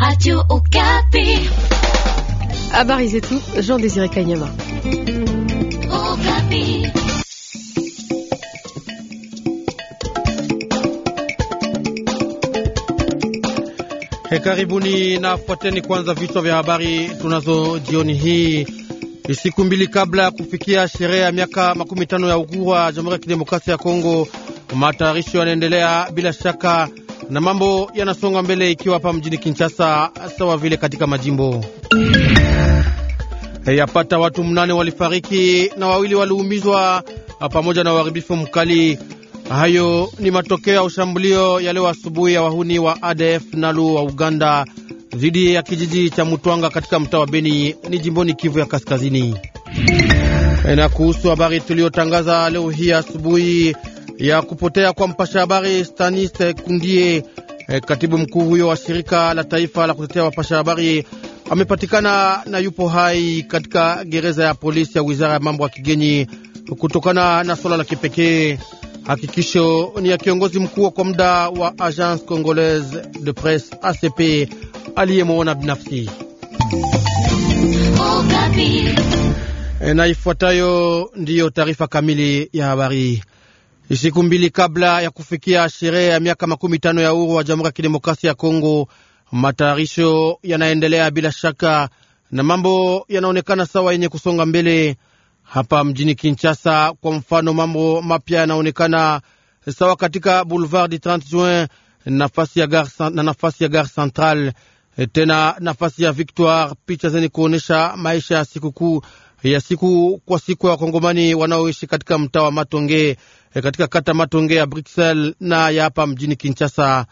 Radio Okapi. Habari tout, Jean Désiré Kanyama. Okapi. karibuni na fuateni kwanza vichwa vya habari tunazo jioni hii. Siku mbili kabla ya kufikia sherehe ya miaka makumi tano ya uhuru wa Jamhuri ya Kidemokrasia ya Kongo, matayarisho yanaendelea bila shaka na mambo yanasonga mbele ikiwa hapa mjini Kinshasa sawa vile katika majimbo yapata watu mnane walifariki na wawili waliumizwa pamoja na uharibifu mkali. Hayo ni matokeo ya ushambulio ya leo asubuhi ya wahuni wa ADF NALU wa Uganda dhidi ya kijiji cha Mutwanga katika mtaa wa Beni ni jimboni Kivu ya Kaskazini. Na kuhusu habari tuliyotangaza leo hii asubuhi ya kupotea kwa mpasha habari Stanis Kundie. Eh, katibu mkuu huyo wa shirika la taifa la kutetea wapasha habari amepatikana na yupo hai katika gereza ya polisi ya wizara ya mambo ya kigeni kutokana na swala la kipekee. Hakikisho ni ya kiongozi mkuu kwa muda wa Agence Congolaise de Presse ACP aliyemwona binafsi. Eh, na ifuatayo ndiyo taarifa kamili ya habari. Siku mbili kabla ya kufikia sherehe ya miaka makumi tano ya uhuru wa Jamhuri ya Kidemokrasia ya Kongo, matayarisho yanaendelea bila shaka na mambo yanaonekana sawa yenye kusonga mbele hapa mjini Kinshasa. Kwa mfano, mambo mapya yanaonekana sawa katika Boulevard du 30 Juin nafasi ya na nafasi ya Gare Centrale, tena nafasi ya Victoire, picha zenye kuonyesha maisha ya sikukuu ya siku kwa siku ya wakongomani wanaoishi katika mtaa wa Matonge e, katika kata Matonge ya Bruxelles na ya hapa mjini Kinshasa.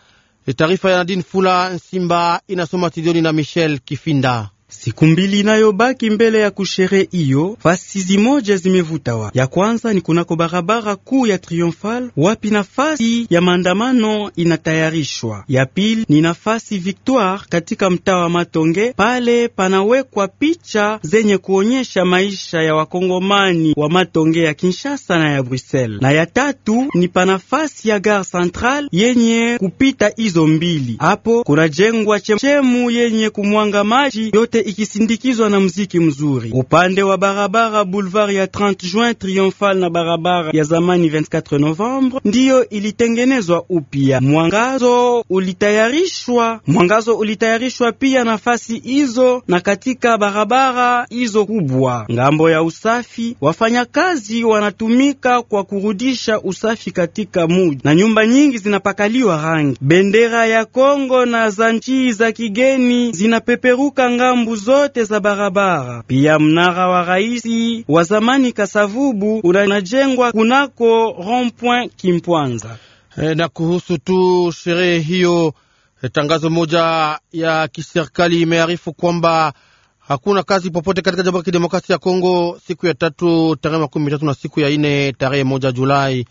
E, taarifa ya Nadine Fula Nsimba inasoma Tidoni na Michel Kifinda. Siku mbili inayobaki mbele ya kushere hiyo, fasizi moja zimevutawa. Ya kwanza ni kunako barabara kuu ya Triomfal, wapi nafasi ya maandamano inatayarishwa. Ya pili ni nafasi Victoire katika mtaa wa Matonge, pale panawekwa picha zenye kuonyesha maisha ya wakongomani wa Matonge ya Kinshasa na ya Bruxelles. Na ya tatu ni panafasi ya Gare Centrale yenye kupita hizo mbili, hapo kunajengwa chemu yenye kumwanga maji yote yote ikisindikizwa na mziki mzuri. Upande wa barabara boulevard ya 30 Juin Triomphal na barabara ya zamani 24 Novembre ndiyo ilitengenezwa upya. Mwangazo ulitayarishwa, mwangazo ulitayarishwa pia nafasi hizo na katika barabara hizo kubwa. Ngambo ya usafi, wafanyakazi wanatumika kwa kurudisha usafi katika muji na nyumba nyingi zinapakaliwa rangi. Bendera ya Kongo na za nchi za kigeni zinapeperuka ngambo pembu zote za barabara. Pia mnara wa raisi wa zamani Kasavubu unajengwa kunako rond-point Kimpwanza. E, na kuhusu tu sherehe hiyo, eh, tangazo moja ya kiserikali imearifu kwamba hakuna kazi popote katika Jamhuri ya Kidemokrasia ya Kongo siku ya tatu tarehe makumi tatu na siku ya ine tarehe moja Julai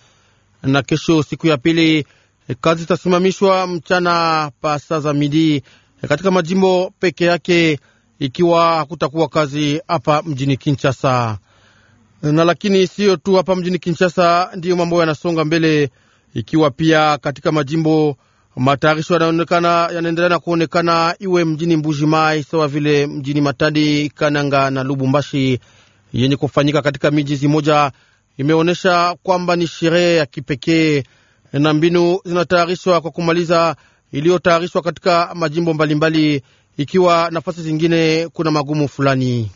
na kesho siku ya pili eh, kazi zitasimamishwa mchana pa saa za midi katika majimbo peke yake ikiwa hakutakuwa kazi hapa mjini Kinshasa. Na lakini siyo tu hapa mjini Kinshasa ndiyo mambo yanasonga mbele, ikiwa pia katika majimbo matayarisho yanaonekana yanaendelea na kuonekana, iwe mjini Mbuji Mai sawa vile mjini Matadi, Kananga na Lubumbashi yenye kufanyika katika miji zimoja imeonyesha kwamba ni sherehe ya kipekee na mbinu zinatayarishwa kwa kumaliza iliyotayarishwa katika majimbo mbalimbali ikiwa nafasi zingine kuna magumu fulani.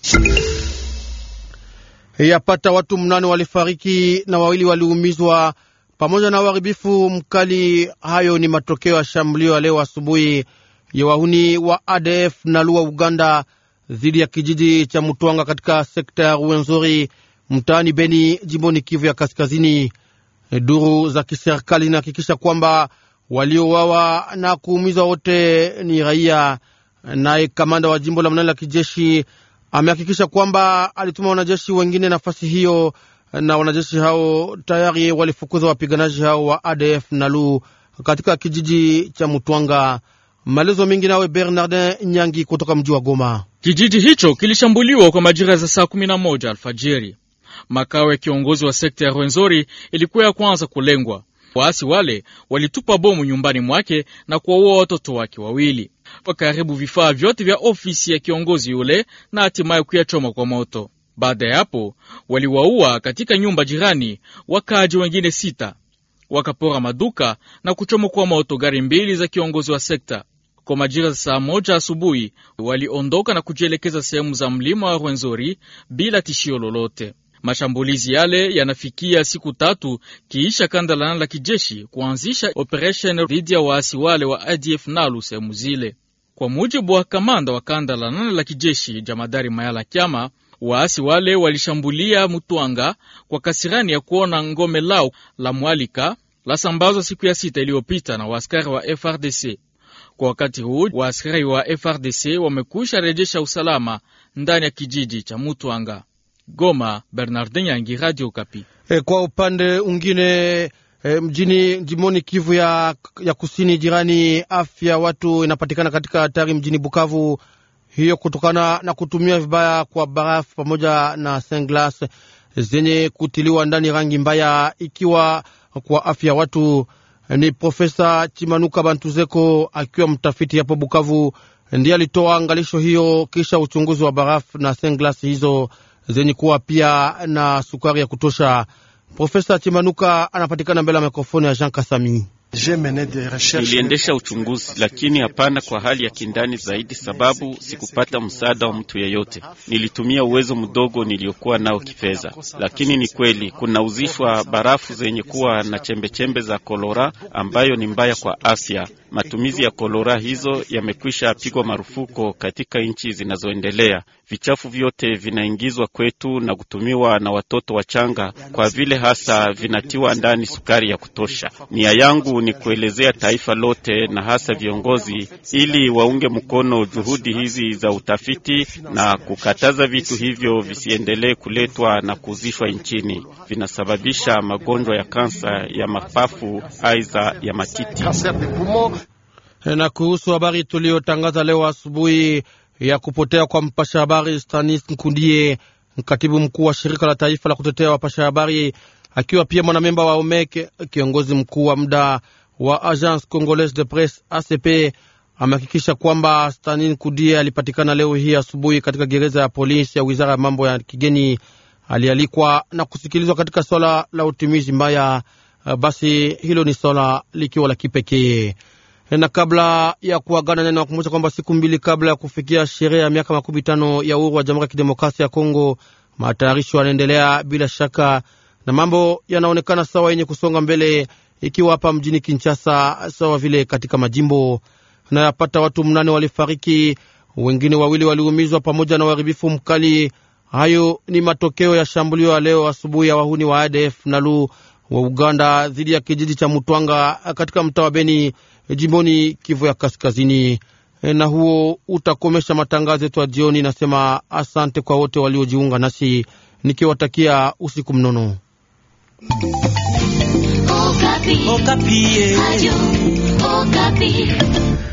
Yapata watu mnane walifariki na wawili waliumizwa pamoja na uharibifu mkali. Hayo ni matokeo ya shambulio ya leo asubuhi ya wahuni wa ADF na Lua Uganda dhidi ya kijiji cha Mutwanga katika sekta ya Ruwenzori mtaani Beni jimboni Kivu ya Kaskazini. Duru za kiserikali zinahakikisha kwamba waliowawa na kuumizwa wote ni raia. Naye kamanda wa jimbo la mnane la kijeshi amehakikisha kwamba alituma wanajeshi wengine nafasi hiyo, na wanajeshi hao tayari walifukuza wapiganaji hao wa ADF Nalu katika kijiji cha Mutwanga. Maelezo mengi nawe Bernardin Nyangi kutoka mji wa Goma. Kijiji hicho kilishambuliwa kwa majira za saa 11 alfajiri. Makao ya kiongozi wa sekta ya Rwenzori ilikuwa ya kwanza kulengwa. Waasi wale walitupa bomu nyumbani mwake na kuwaua watoto wake wawili wakaharibu vifaa vyote vya ofisi ya kiongozi yule na hatimaye kuyachoma kwa moto. Baada ya hapo, waliwaua katika nyumba jirani wakaaji wengine sita, wakapora maduka na kuchoma kwa moto gari mbili za kiongozi wa sekta. Kwa majira za saa moja asubuhi waliondoka na kujielekeza sehemu za mlima wa Rwenzori bila tishio lolote. Mashambulizi yale yanafikia siku tatu kiisha kanda la la kijeshi kuanzisha operation dhidi ya waasi wale wa ADF nalu sehemu zile. Kwa mujibu wa kamanda wa kanda la nane la kijeshi jamadari Mayala Kyama, waasi wale walishambulia Mutwanga kwa kasirani ya kuona ngome lao la Mwalika la sambazwa siku ya sita iliyopita na waaskari wa FRDC. Kwa wakati huu waaskari wa FRDC wamekwisha rejesha usalama ndani ya kijiji cha Mutwanga. Goma, Bernardin Yangi, Radio Kapi. E, eh, kwa upande ungine E, eh, mjini jimoni Kivu ya, ya kusini jirani, afya watu inapatikana katika hatari mjini Bukavu, hiyo kutokana na kutumia vibaya kwa barafu pamoja na senglas zenye kutiliwa ndani rangi mbaya, ikiwa kwa afya watu. Ni Profesa Chimanuka Bantuzeko akiwa mtafiti hapo Bukavu ndiye alitoa angalisho hiyo kisha uchunguzi wa barafu na senglas hizo zenye kuwa pia na sukari ya kutosha. Profesa Chimanuka anapatikana mbele ya mikrofoni ya Jean Kasami. Niliendesha uchunguzi lakini hapana kwa hali ya kindani zaidi, sababu sikupata msaada wa mtu yeyote. Nilitumia uwezo mdogo niliokuwa nao kifedha, lakini ni kweli kunauzishwa barafu zenye kuwa na chembechembe za kolora ambayo ni mbaya kwa afya. Matumizi ya kolora hizo yamekwisha pigwa marufuko katika nchi zinazoendelea vichafu vyote vinaingizwa kwetu na kutumiwa na watoto wachanga, kwa vile hasa vinatiwa ndani sukari ya kutosha. Nia yangu ni kuelezea taifa lote na hasa viongozi, ili waunge mkono juhudi hizi za utafiti na kukataza vitu hivyo visiendelee kuletwa na kuuzishwa nchini. Vinasababisha magonjwa ya kansa ya mapafu, aiza ya matiti. Na kuhusu habari tuliyotangaza leo asubuhi ya kupotea kwa mpasha habari Stanis Nkundie, mkatibu mkuu wa shirika la taifa la kutetea wapasha habari, akiwa pia mwanamemba wa OMEC, kiongozi mkuu wa muda wa Agence Congolaise de Presse ACP, amehakikisha kwamba Stanis Nkundie alipatikana leo hii asubuhi katika gereza ya polisi ya wizara ya mambo ya kigeni. Alialikwa na kusikilizwa katika swala la utumizi mbaya. Basi hilo ni swala likiwa la kipekee na kabla ya kuagana nena wakumbusha kwamba siku mbili kabla ya kufikia sherehe ya miaka makumi tano ya uhuru wa Jamhuri ya Kidemokrasia ya Kongo, matayarisho yanaendelea bila shaka, na mambo yanaonekana sawa yenye kusonga mbele, ikiwa hapa mjini Kinshasa sawa vile katika majimbo. Na yapata watu mnane walifariki, wengine wawili waliumizwa, pamoja na uharibifu mkali. Hayo ni matokeo ya shambulio ya leo asubuhi ya wahuni wa ADF NALU wa Uganda dhidi ya kijiji cha Mutwanga katika mtaa wa Beni E, jimboni Kivu ya Kaskazini. E, na huo utakomesha matangazo yetu ya jioni. Nasema asante kwa wote waliojiunga nasi nikiwatakia usiku mnono. Okapi. Okapi. Eh.